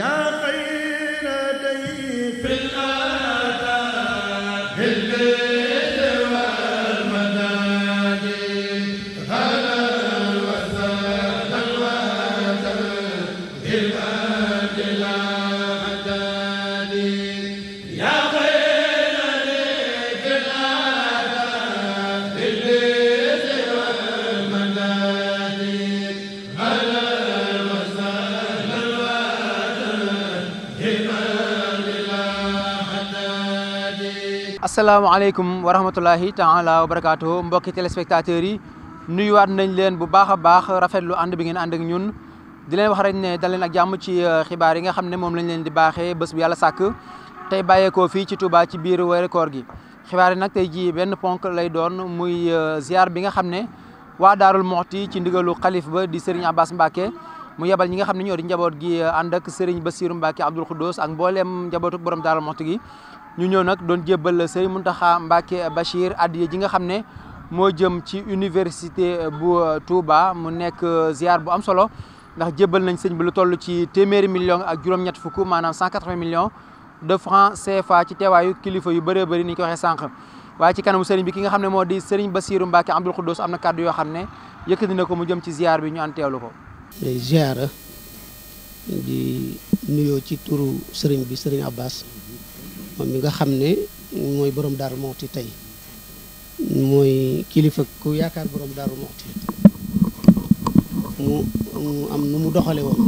yaa xayra day asalaamaaleykum wa rahmatulahi taala wa barakaatu mbokki téléspectateurs yi nuyuwaat nañ leen bu baax a baax rafetlu ànd bi ngeen ànd ak ñun di leen wax rek ne dal leen ak jàmm ci euh, xibaar yi nga xam ne moom lañ leen di baaxee bés bu yàlla sàkk tey bàyyeekoo fii ci Touba ci biir weeru koor gi xibaar yi nag tey jii benn ponk lay doon muy euh, ziar bi nga xam ne waa Daarul Moxti ci ndigalu xalif ba di Serigne Abbas mbake mu yebal ñi nga xam ne ñoo di njaboot gi ànd ak Serigne Bassirou Mbacke Abdoul Khoudous ak mbooleem njabootu borom Daarul Moxti gi ñu ñëw nag doon jébbal sëriñ Mountakha Mbacké Bachir addiya ji nga xam ne moo jëm ci université bu euh, Touba mu nekk euh, ziar bu am solo ndax jébbal nañ sëñ bi lu toll ci téeméeri million ak juróom-ñett fukk maanaam million millions de francs CFA ci teewaayu kilifa yu bëree bëri ni ñu ko waxee sànq waaye ci kanamu sëriñ bi ki nga xam ne moo di sëriñ Bassirou Mbacké Abdoul Khoudous am na kàdd yoo xam ne yëkkati na ko mu jëm ci ziar bi ñu an ko. ziar di nuyoo ci bi sëriñ Abbas. moom mi nga xam ne mooy borom daaru moxti tey mooy kilifa ku yaakaar boroom daaru moxti mu mu am nu mu doxale woon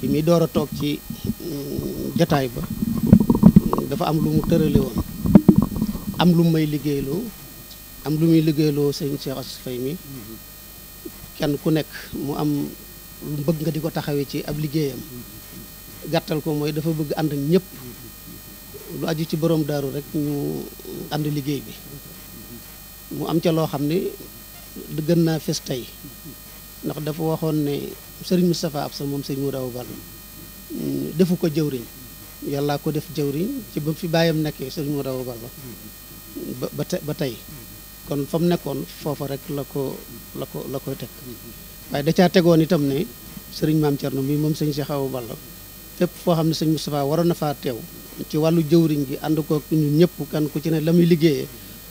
bi muy door a toog ci mm, jataay ba dafa am lu mu tërale woon am lu may liggéeyloo am lu muy liggéeyloo sëñ Cheikh Assou Faye mi kenn ku nekk mu am lu bëgg nga di ko taxawee ci ab liggéeyam gàttal ko mooy dafa bëgg ànd ak ñëpp lu aju ci borom daaru rek ñu ànd liggéey bi mu am ca loo xam ne gën naa fes tey ndax dafa waxoon ne sëriñ Moustapha Absa moom sëriñ mu daw bal mm, defu ko jëwriñ yàllaa ko def jëwriñ ci ba fi bàyyam nekkee sëriñ mu daw bal ba tey kon fa mu nekkoon foofa rek la ko la ko la koy teg waaye da caa tegoon itam ne sëriñ maam Thierno mii moom sëriñ Cheikh Awa Balla fépp foo xam ne sëriñ safaa waroon na faa teew ci wàllu jëwriñ gi ànd ko ñun ñëpp kan ku ci ne la muy liggéeyee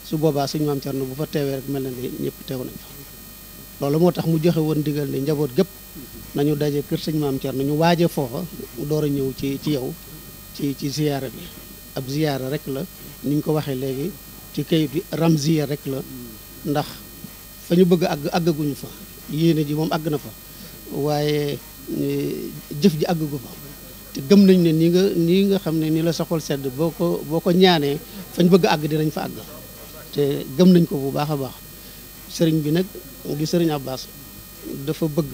su boobaa suñu maam Cerno bu fa teewee rek mel na ni ñëpp teew nañ fa moo tax mu joxe woon ndigal njaboot gépp nañu daje kër sëñ maam Cerno ñu waaje foofa door a ñëw ci ci yow ci ci ziyaara bi ab ziyaara rek la ni ko waxee léegi ci kayit bi ramziya rek la ndax fa ñu bëgg àgg àggaguñu fa yéene ji moom àgg na fa waaye eh, jëf ji àggagu fa te gëm nañ ne nii nga nii nga xam ne nii la sa sedd boo ko boo ko ñaanee fañ bëgg àgg dinañ fa àgg te gëm nañ ko bu baax a baax sëriñ bi nag di sëriñ Abbas dafa bëgg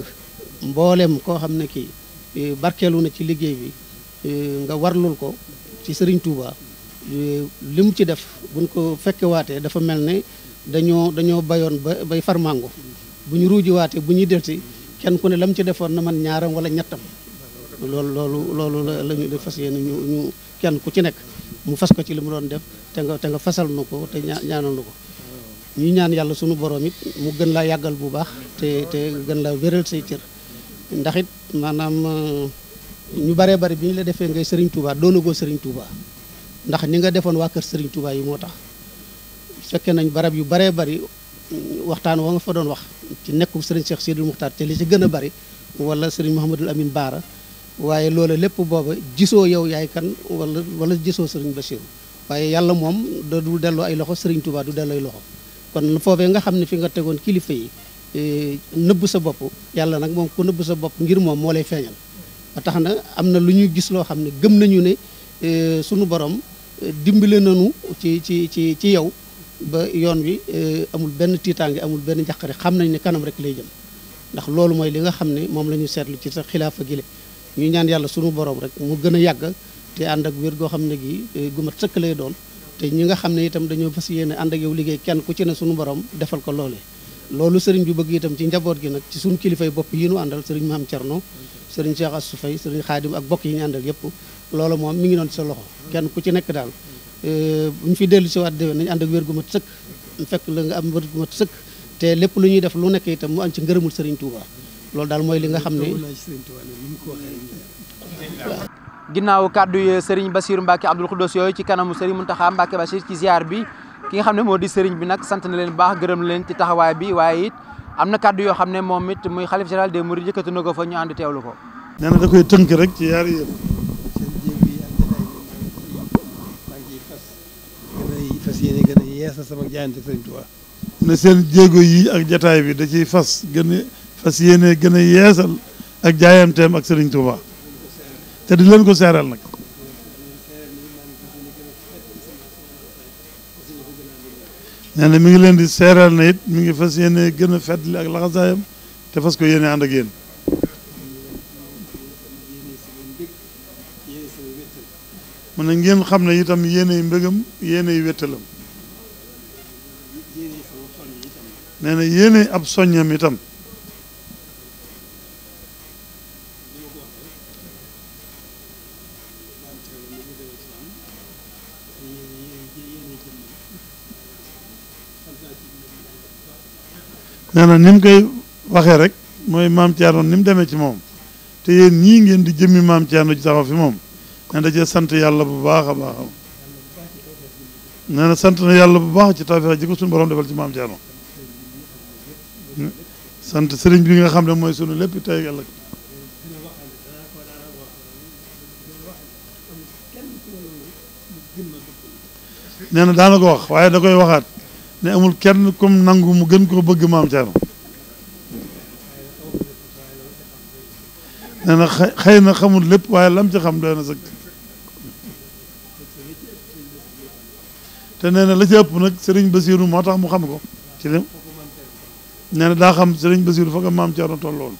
mbooleem koo xam ne kii e, barkeelu na ci liggéey bi e, nga warlul ko ci sëriñ tuuba e, li mu ci def buñ ko fekkewaatee dafa mel ne dañoo dañoo bayoon ba bay farmango bu ñu ruujiwaatee bu ñuy delsi kenn ku ne lam ci defoon na man ñaaram wala ñettam loolu loolu loolu la ñu di fas yéene ñu ñu kenn ku ci nekk mu fas ko ci li mu doon def te nga nga fasal nu ko te ñaanal nu ko ñuy ñaan yàlla sunu borom it mu gën laa yàggal bu baax te te gën laa wéral say cër ndax it maanaam euh, ñu baree bari bi ñu la defee ngay Serigne Touba doonagoo Serigne Touba ndax ni nga defoon waa kër sëriñ Touba yi moo tax fekke nañ barab yu baree bari mm, waxtaan waa nga fa doon wax ci nekku Serigne Cheikh Sidil Muxtaar te li si gën a bari wala Serigne Mouhamadul Amin Baara waaye loola lépp booba gisoo yow yaay kan wala wala gisoo sëriñ Bachir waaye yàlla moom da du delloo ay loxo sëriñ Touba du delloo loxo kon foofee nga xam ne fi nga tegoon kilifa yi e, nëbb sa bopp yàlla nag moom ku nëbb sa bopp ngir moom moo lay feeñal a tax na am na lu ñu gis loo xam ne gëm nañu ne e, sunu borom e, dimbale nanu ci ci ci ci yow ba yoon wi amul benn tiitaange amul benn njaqare xam nañ ne kanam rek lay jëm ndax loolu mooy li nga xam ne moom la ñu seetlu ci sa xilaafa gile ñu ñaan yàlla sunu boroom rek mu gën a yàgg te ànd ak wér goo xam ne gii eh, gu mat sëkk lay doon te ñi nga xam ne itam dañoo fas yéene ànd ak yow liggéey kenn ku ci ne sunu borom defal ko loole loolu sëriñ bi bëgg itam ci njaboot gi nag ci suñu kilifay bopp yi ñu àndal sëriñ Maam Cerno sëriñ Cheikh Assou Faye sëriñ Xaadim ak bokk yi ñu àndal yëpp loolu moom mi ngi doon sa loxo kenn ku ci nekk daal eh, bu ñu fi dellu si waat déwén nañu ànd ak wér gu mat sëkk fekk la nga am wér gu sëkk te lépp lu ñuy def lu nekk itam mu am ci ngërëmul sëriñ Touba loolu daal mooy li nga xam ne ginnaaw kàddu yi Serigne Bassirou Mbacke Abdoul Khoudoss yooyu ci kanamu Serigne Mountakha Mbacke Bachir ci ziar bi ki nga xam ne moo di sëriñ bi nag sant na leen baax gërëm leen ci taxawaay bi waaye it am na kàddu yoo xam ne moom it muy xalif général des mourides yëkkati na ko fa ñu ànd teewlu ko. nee ñu da koy tënk rek ci yaari yëpp. fas yéene sama jaayante ak seen jéego yi ak jataay bi da ciy fas gën a fas yéene gën a yeesal ak jaayanteem ak Serigne Touba te di leen ko seeral nag nee na mi ngi leen di seeral na it mu ngi fas yéene gën a feddli ak laxasaayam te fas ko yéene ànd ak yéen mu ne ngeen xam ne itam yéenay mbëgam yéenay wéttalam nee na yéenay ab soññam itam nee na ni mu koy waxee rek mooy maam Thierno ni mu demee ci moom te yéen ñii ngeen di jëmmi maam Thierno ci taxaw fi moom nee na sant yàlla bu baax a baax nee sant na yàlla bu baax ci tawfeex ji ko suñu borom defal ci maam Thierno sant sëriñ bi nga xam ne mooy sunu lépp tey ëllëg nee na daana wax waaye da koy waxaat ne amul kenn comme nangu mu gën koo bëgg maam Thierno nee na xëy na xamul lépp waaye lam ci xam doy na sëkk te nee na la ci ëpp nag Serigne Bassirou moo tax mu xam ko ci lim nee daa xam Serigne Bassirou foog a maam Thierno tolloon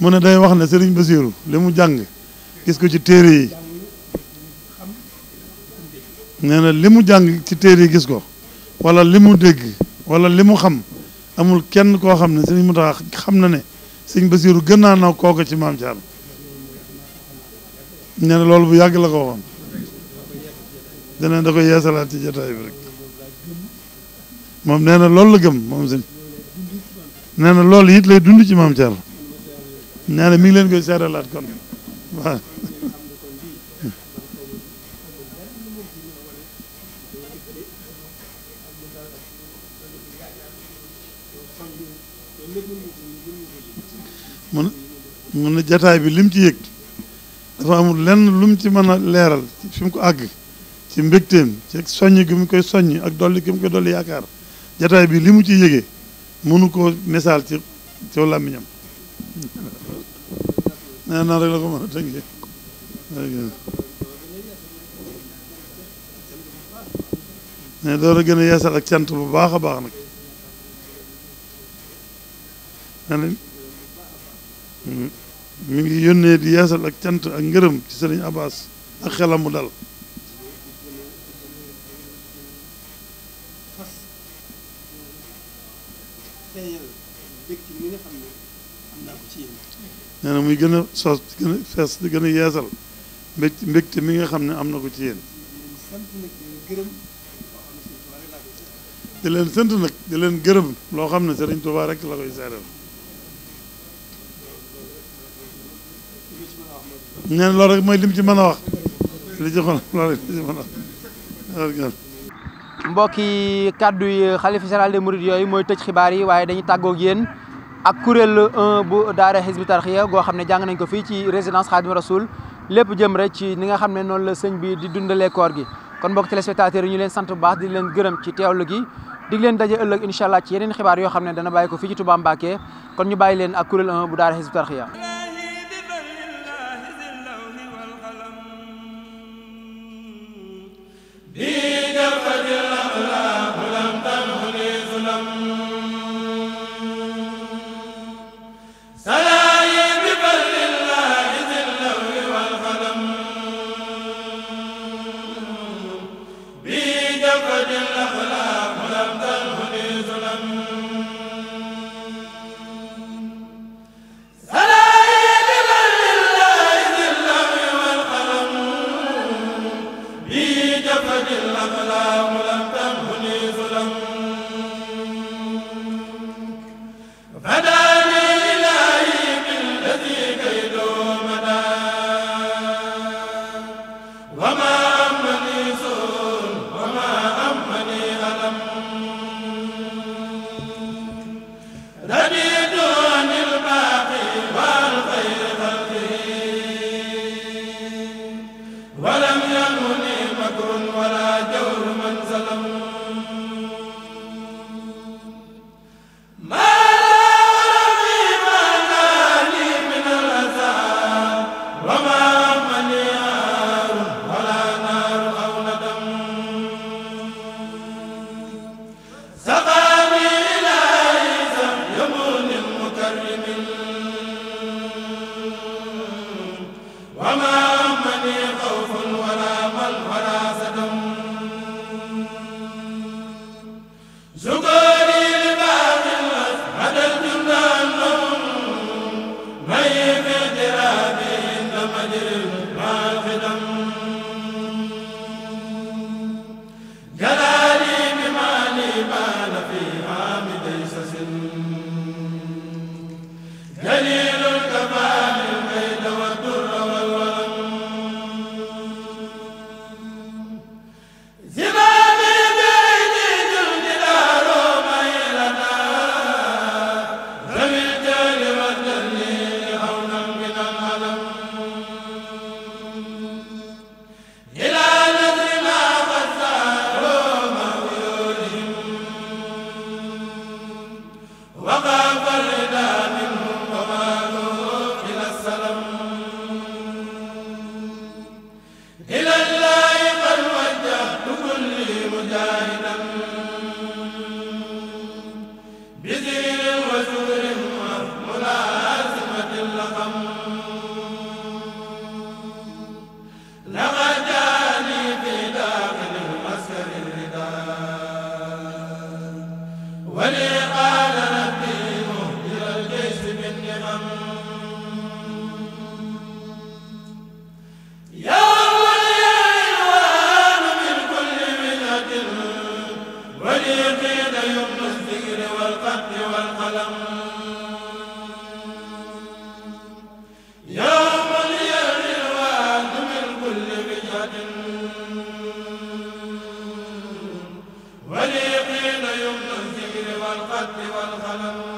mu ne day wax ne Serigne Bassirou li mu jàng gis ko ci téere yi nee li mu jàng ci téere yi gis ko wala li mu dégg wala li mu xam amul kenn koo xam ne Serigne Mountakha xam na ne Serigne Bassirou gën naa naw kooku ci maam Thierno nee na loolu bu yàgg la ko waxoon danañ da koy yeesalaat ci jotaay bi rek moom nee na loolu la gëm moom sëñ nee na loolu it lay dund ci maam Thierno. nee na ngi leen koy seeralaat kon waaw mun mun na jataay bi lim ci yëg dafa amul lenn lu mu ci mën a leeral fi ko àgg ci mbégteem ci soññ gi mu koy soññ ak dolli gi mu koy dolli yaakaar jataay bi li mu ci yëgee mënu koo misaal ci ci làmmiñam Eh, nee na rek la ko mën a tënkee door a gën a yeesal ak cant bu baax a baax nag hmm. mi ngi yónnee di yeesal ak cant ak ngërëm ci sëriñ Abbas ak xelam mu dal nee na muy gën a sos gën a fees mi nga xam ne am na ko ci yéen di leen di leen gërëm loo xam ne Serigne Touba rek la koy seeral nee na mooy lim ci mën a wax li ci xool loolu rek li ci mbokki kàddu yi xalifa général des mourides yooyu mooy tëj xibaar yi waaye dañuy tàggoog yéen ak kuréel 1 bu daara Hizbut Tarqiyyah goo xam ne jàng nañ ko fii ci résidence Khadim Rasoul lépp jëm rek ci ni nga xam ne noonu la sëñ bi di dundalee koor gi kon mbokk téléspectateurs yi ñu leen sant bu baax di leen gërëm ci teewlu gi dig leen daje ëllëg incha ci yeneen xibaar yoo xam ne dana bàyyi ko fii ci Touba Mbacké kon ñu bàyyi leen ak kuréel 1 bu daara Hizbut Tarqiyyah wa والقلم